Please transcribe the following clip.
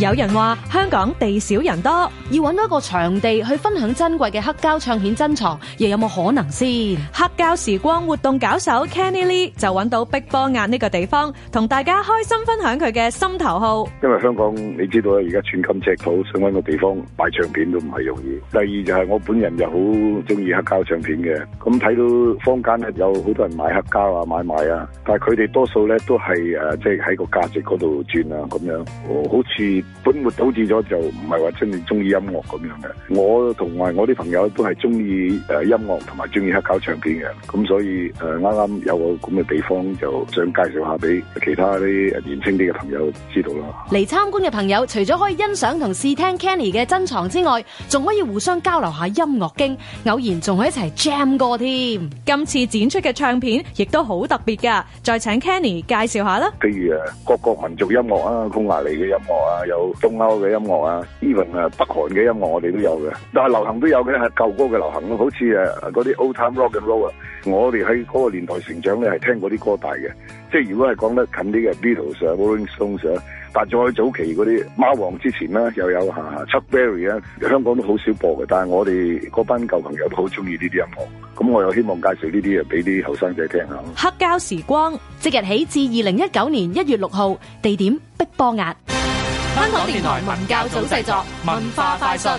有人話香港地少人多，要揾到一個場地去分享珍貴嘅黑膠唱片珍藏，又有冇可能先？黑膠時光活動搞手 Canny Lee 就揾到碧波壓呢個地方，同大家開心分享佢嘅心頭好。因為香港你知道而家寸金尺土，想揾個地方擺唱片都唔係容易。第二就係我本人又好中意黑膠唱片嘅，咁睇到坊間有好多人買黑膠啊、買賣啊，但係佢哋多數咧都係誒即係喺個價值嗰度轉啊咁樣，好似，本末倒置咗就唔係話真正中意音樂咁樣嘅。我同埋我啲朋友都係中意音樂同埋中意黑膠唱片嘅。咁所以誒啱啱有個咁嘅地方，就想介紹下俾其他啲年輕啲嘅朋友知道啦。嚟參觀嘅朋友，除咗可以欣賞同試聽 Canny 嘅珍藏之外，仲可以互相交流下音樂經，偶然仲可以一齊 jam 過添。今次展出嘅唱片亦都好特別噶，再請 Canny 介紹下啦。譬如各國民族音樂啊，匈牙利嘅音樂啊，東歐嘅音樂啊，even 啊北韓嘅音樂我哋都有嘅，但係流行都有嘅，係舊歌嘅流行咯，好似誒嗰啲 old time rock and roll 啊。我哋喺嗰個年代成長咧，係聽嗰啲歌大嘅，即係如果係講得近啲嘅 Beatles 啊，Rolling Stones，但仲再早期嗰啲貓王之前咧，又有下 Chuck Berry 啊，香港都好少播嘅，但係我哋嗰班舊朋友都好中意呢啲音樂，咁我又希望介紹呢啲嘢俾啲後生仔聽下。黑膠時光即日起至二零一九年一月六號，地點碧波押。香港電台文教組製作，文化快訊。